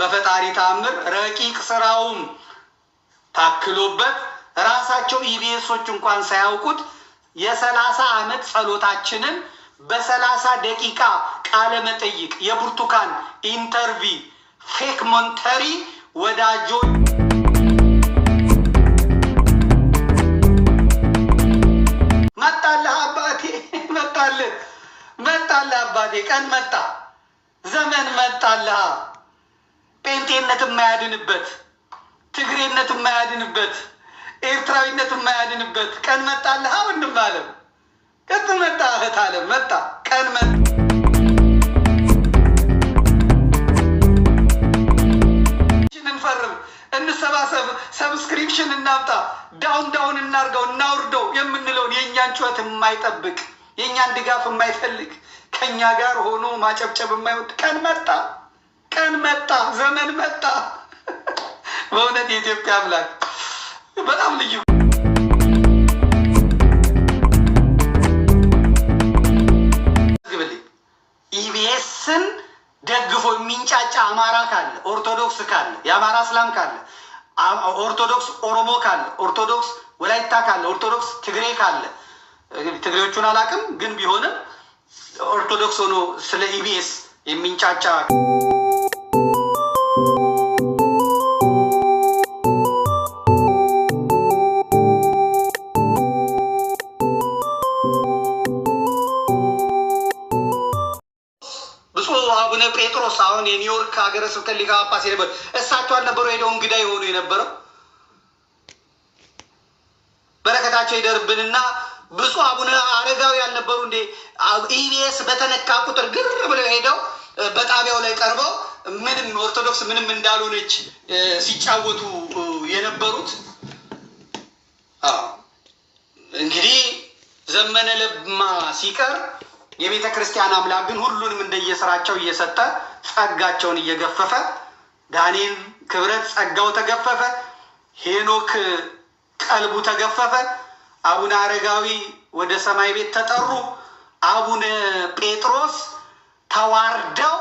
በፈጣሪ ተአምር ረቂቅ ስራውም ታክሎበት ራሳቸው ኢቢኤሶች እንኳን ሳያውቁት የሰላሳ ዓመት ጸሎታችንን በሰላሳ ደቂቃ ቃለ መጠይቅ የብርቱካን ኢንተርቪ ፌክ ሞንተሪ ወዳጆ መጣለህ አባቴ መጣልህ መጣለህ አባቴ ቀን መጣ ዘመን መጣለህ ጴንጤነት የማያድንበት ትግሬነት የማያድንበት ኤርትራዊነት የማያድንበት ቀን መጣልህ ወንድም አለም። ቀን መጣ እህት አለም መጣ ቀን መ እንፈርም፣ እንሰባሰብ፣ ሰብስክሪፕሽን እናምጣ፣ ዳውን ዳውን እናርገው፣ እናውርደው የምንለውን የእኛን ጩኸት የማይጠብቅ የእኛን ድጋፍ የማይፈልግ ከእኛ ጋር ሆኖ ማጨብጨብ የማይወድ ቀን መጣ። ቀን መጣ፣ ዘመን መጣ። በእውነት የኢትዮጵያ አምላክ በጣም ልዩ ኢቢኤስን ደግፎ የሚንጫጫ አማራ ካለ ኦርቶዶክስ ካለ የአማራ እስላም ካለ ኦርቶዶክስ ኦሮሞ ካለ ኦርቶዶክስ ወላይታ ካለ ኦርቶዶክስ ትግሬ ካለ ትግሬዎቹን አላውቅም፣ ግን ቢሆንም ኦርቶዶክስ ሆኖ ስለ ኢቢኤስ የሚንጫጫ አቡነ ጴጥሮስ አሁን የኒውዮርክ ሀገረ ስብከት ሊቀ ጳጳስ የነበሩ እሳቸው አልነበሩ ሄደው እንግዳ የሆኑ የነበረው በረከታቸው ይደርብንና ብፁ አቡነ አረጋዊ ያልነበሩ እንዴ? ኢቢኤስ በተነካ ቁጥር ግር ብለው ሄደው በጣቢያው ላይ ቀርበው ምንም ኦርቶዶክስ ምንም እንዳልሆነች ሲጫወቱ የነበሩት። እንግዲህ ዘመነ ለማ ሲቀር የቤተ ክርስቲያን አምላክ ግን ሁሉንም እንደየስራቸው እየሰጠ ጸጋቸውን እየገፈፈ ዳንኤል ክብረት ጸጋው ተገፈፈ፣ ሄኖክ ቀልቡ ተገፈፈ፣ አቡነ አረጋዊ ወደ ሰማይ ቤት ተጠሩ፣ አቡነ ጴጥሮስ ተዋርደው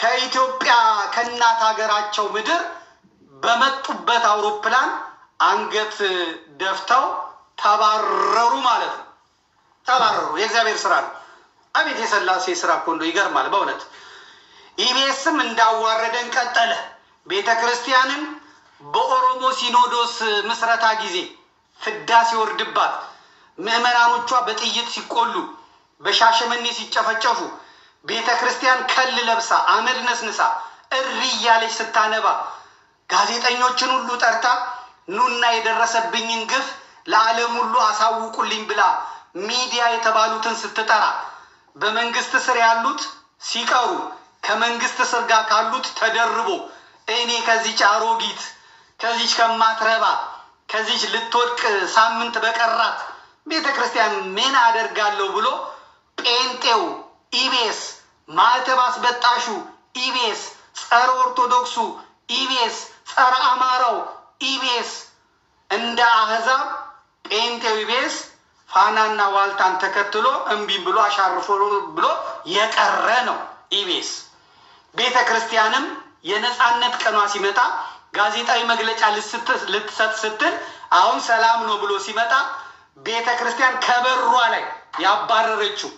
ከኢትዮጵያ ከእናት ሀገራቸው ምድር በመጡበት አውሮፕላን አንገት ደፍተው ተባረሩ ማለት ነው። ተባረሩ። የእግዚአብሔር ስራ ነው። አቤት የሰላሴ ስራ እኮ እንደው ይገርማል በእውነት። ኢቢኤስም እንዳዋረደን ቀጠለ። ቤተ ክርስቲያንን በኦሮሞ ሲኖዶስ ምስረታ ጊዜ ፍዳ ሲወርድባት፣ ምዕመናኖቿ በጥይት ሲቆሉ፣ በሻሸመኔ ሲጨፈጨፉ፣ ቤተ ክርስቲያን ከል ለብሳ አመድ ነስንሳ እሪ እያለች ስታነባ ጋዜጠኞችን ሁሉ ጠርታ ኑና የደረሰብኝን ግፍ ለዓለም ሁሉ አሳውቁልኝ ብላ ሚዲያ የተባሉትን ስትጠራ በመንግስት ስር ያሉት ሲቀሩ ከመንግስት ስር ጋር ካሉት ተደርቦ እኔ ከዚች አሮጊት ከዚች ከማትረባ ከዚች ልትወድቅ ሳምንት በቀራት ቤተ ክርስቲያን ምን አደርጋለሁ ብሎ ጴንጤው ኢቤስ ማዕተብ አስበጣሹ ኢቤስ ጸረ ኦርቶዶክሱ ኢቤስ ጸረ አማራው ኢቤስ እንደ አህዛብ ጴንጤው ኢቤስ ፋናና ዋልታን ተከትሎ እምቢም ብሎ አሻርፎ ብሎ የቀረ ነው ኢቢኤስ። ቤተ ክርስቲያንም የነፃነት ቀኗ ሲመጣ ጋዜጣዊ መግለጫ ልትሰጥ ስትል አሁን ሰላም ነው ብሎ ሲመጣ ቤተ ክርስቲያን ከበሯ ላይ ያባረረችው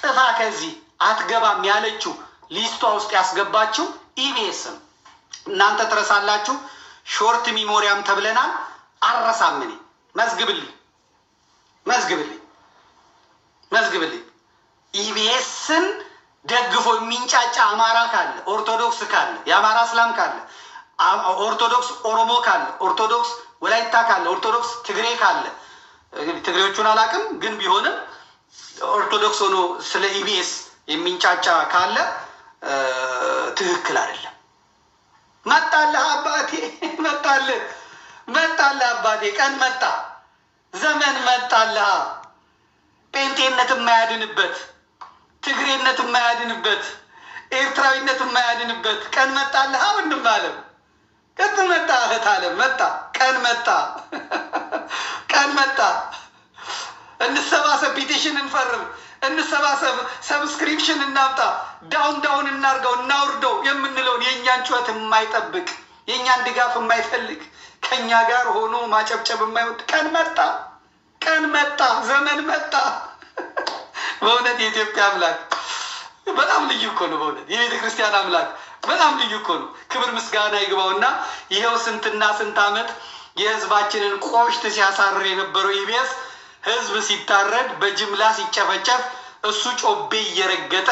ጥፋ ከዚህ አትገባም ያለችው ሊስቷ ውስጥ ያስገባችው ኢቢኤስም እናንተ ትረሳላችሁ። ሾርት ሚሞሪያም ተብለናል። አረሳምኔ መዝግብልኝ መዝግብልኝ መዝግብልኝ። ኢቢኤስን ደግፎ የሚንጫጫ አማራ ካለ፣ ኦርቶዶክስ ካለ፣ የአማራ እስላም ካለ፣ ኦርቶዶክስ ኦሮሞ ካለ፣ ኦርቶዶክስ ወላይታ ካለ፣ ኦርቶዶክስ ትግሬ ካለ፣ ትግሬዎቹን አላውቅም ግን ቢሆንም ኦርቶዶክስ ሆኖ ስለ ኢቢኤስ የሚንጫጫ ካለ ትክክል አይደለም። መጣልህ አባቴ፣ መጣልህ መጣልህ አባቴ፣ ቀን መጣ። ዘመን መጣልሃ። ጴንጤነት የማያድንበት፣ ትግሬነት የማያድንበት፣ ኤርትራዊነት የማያድንበት ቀን መጣልሃ። ወንድም አለም ቀን መጣ፣ እህት አለም መጣ፣ ቀን መጣ፣ ቀን መጣ። እንሰባሰብ፣ ፒቲሽን እንፈርም፣ እንሰባሰብ፣ ሰብስክሪፕሽን እናምጣ፣ ዳውን ዳውን እናርገው፣ እናውርደው የምንለውን የእኛን ጩኸት የማይጠብቅ የእኛን ድጋፍ የማይፈልግ ከኛ ጋር ሆኖ ማጨብጨብ የማይወድ ቀን መጣ፣ ቀን መጣ፣ ዘመን መጣ። በእውነት የኢትዮጵያ አምላክ በጣም ልዩ እኮ ነው። በእውነት የቤተ ክርስቲያን አምላክ በጣም ልዩ እኮ ነው። ክብር ምስጋና ይግባውና ይኸው ስንትና ስንት ዓመት የህዝባችንን ቆሽት ሲያሳርር የነበረው ኢቢኤስ ህዝብ ሲታረድ በጅምላ ሲጨፈጨፍ እሱ ጮቤ እየረገጠ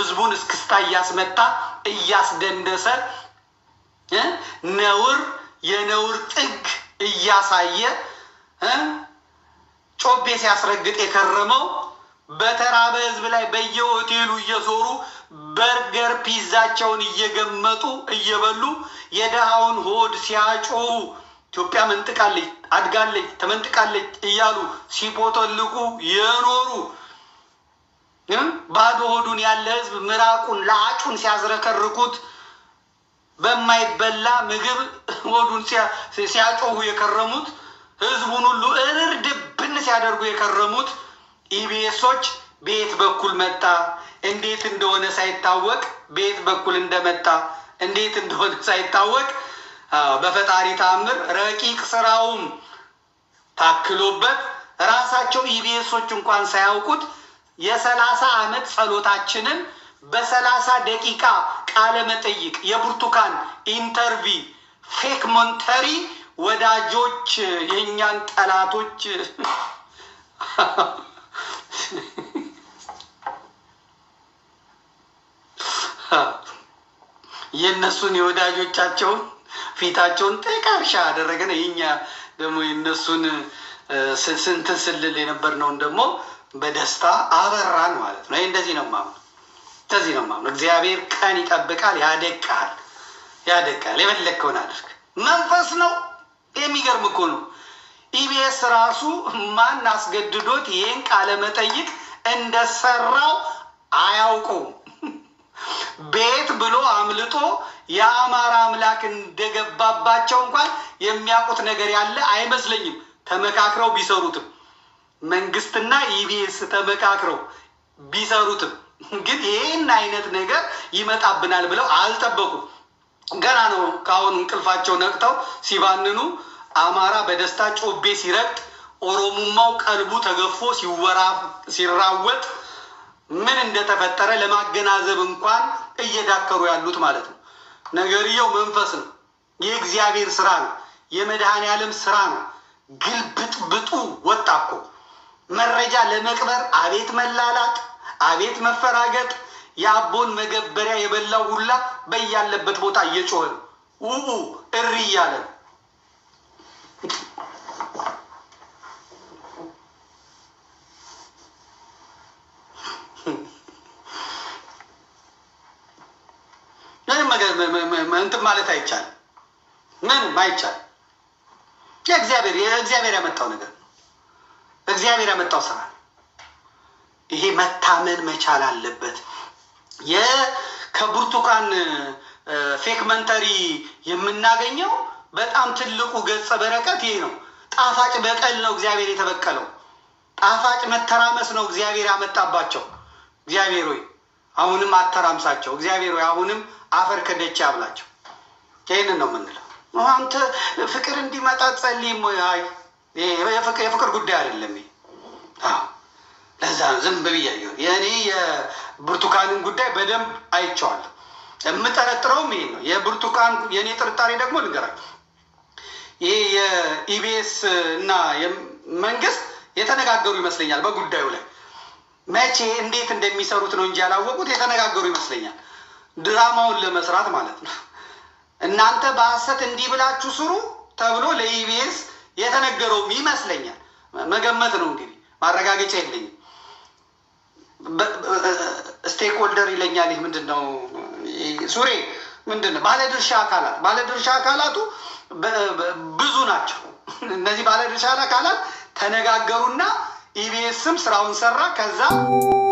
ህዝቡን እስክስታ እያስመታ እያስደንደሰ ነውር የነውር ጥግ እያሳየ ጮቤ ሲያስረግጥ የከረመው በተራበ ህዝብ ላይ በየሆቴሉ እየዞሩ በርገር ፒዛቸውን እየገመጡ እየበሉ የድሃውን ሆድ ሲያጮሁ ኢትዮጵያ መንጥቃለች፣ አድጋለች፣ ተመንጥቃለች እያሉ ሲፖተልቁ የኖሩ ባዶ ሆዱን ያለ ህዝብ ምራቁን ለአጩን ሲያዝረከርኩት በማይበላ ምግብ ወዱን ሲያጮሁ የከረሙት ህዝቡን ሁሉ እርር ድብን ሲያደርጉ የከረሙት ኢቢኤሶች በየት በኩል መጣ፣ እንዴት እንደሆነ ሳይታወቅ በየት በኩል እንደመጣ እንዴት እንደሆነ ሳይታወቅ በፈጣሪ ታምር ረቂቅ ስራውም ታክሎበት ራሳቸው ኢቢኤሶች እንኳን ሳያውቁት የሰላሳ አመት ጸሎታችንን በሰላሳ ደቂቃ ቃለ መጠይቅ የብርቱካን ኢንተርቪ ፌክ ሞንተሪ ወዳጆች የእኛን ጠላቶች የእነሱን የወዳጆቻቸውን ፊታቸውን ጠቃርሻ አደረገ ነው። የኛ ደግሞ የእነሱን ስንትን ስልል ነውን ደግሞ በደስታ አበራን ማለት ነው። ይህ እንደዚህ ነው ማምነው። እንደዚህ ነው ማለት እግዚአብሔር ቀን ይጠብቃል፣ ያደቃል፣ ያደቃል። የፈለግከውን አድርግ መንፈስ ነው። የሚገርም እኮ ነው። ኢቢኤስ ራሱ ማን አስገድዶት ይህን ቃለ መጠይቅ እንደሰራው አያውቁም። ቤት ብሎ አምልጦ የአማራ አምላክ እንደገባባቸው እንኳን የሚያውቁት ነገር ያለ አይመስለኝም። ተመካክረው ቢሰሩትም መንግስትና ኢቢኤስ ተመካክረው ቢሰሩትም ግን ይህን አይነት ነገር ይመጣብናል ብለው አልጠበቁም። ገና ነው ከአሁን እንቅልፋቸው ነቅተው ሲባንኑ፣ አማራ በደስታ ጮቤ ሲረግጥ፣ ኦሮሙማው ቀልቡ ተገፎ ሲራወጥ ምን እንደተፈጠረ ለማገናዘብ እንኳን እየዳከሩ ያሉት ማለት ነው። ነገርየው መንፈስ ነው። የእግዚአብሔር ስራ ነው። የመድኃኔ ዓለም ስራ ነው። ግልብጥብጡ ወጣ እኮ መረጃ ለመቅበር አቤት መላላት አቤት መፈራገጥ! የአቦን መገበሪያ የበላው ሁላ በያለበት ቦታ እየጮኸ ውኡ እሪ እያለ እንትን ማለት አይቻልም። ምንም አይቻልም። የእግዚአብሔር የእግዚአብሔር ያመጣው ነገር እግዚአብሔር ያመጣው ስራ ይሄ መታመን መቻል አለበት። ከብርቱካን ፌክመንተሪ የምናገኘው በጣም ትልቁ ገጸ በረከት ይሄ ነው። ጣፋጭ በቀል ነው እግዚአብሔር የተበቀለው። ጣፋጭ መተራመስ ነው እግዚአብሔር ያመጣባቸው። እግዚአብሔር ሆይ አሁንም አተራምሳቸው። እግዚአብሔር ሆይ አሁንም አፈር ከደች ያብላቸው። ይህንን ነው የምንለው። አንተ ፍቅር እንዲመጣ ጸልይ። ወይ? የፍቅር ጉዳይ አይደለም። ለዛ ዝም ብያየሁ። የእኔ የብርቱካንን ጉዳይ በደንብ አይቸዋለሁ። የምጠረጥረውም ይሄ ነው። የብርቱካን የእኔ ጥርጣሬ ደግሞ ልንገራችሁ፣ ይሄ የኢቢኤስ እና መንግስት የተነጋገሩ ይመስለኛል በጉዳዩ ላይ መቼ እንዴት እንደሚሰሩት ነው እንጂ ያላወቁት የተነጋገሩ ይመስለኛል። ድራማውን ለመስራት ማለት ነው። እናንተ በሀሰት እንዲህ ብላችሁ ስሩ ተብሎ ለኢቢኤስ የተነገረውም ይመስለኛል። መገመት ነው እንግዲህ፣ ማረጋገጫ የለኝም። ስቴክ ሆልደር ይለኛል። ይህ ምንድን ነው? ሱሬ ምንድን ነው? ባለድርሻ አካላት ባለድርሻ አካላቱ ብዙ ናቸው። እነዚህ ባለድርሻ አካላት ተነጋገሩና ኢቢኤስም ስራውን ሰራ ከዛ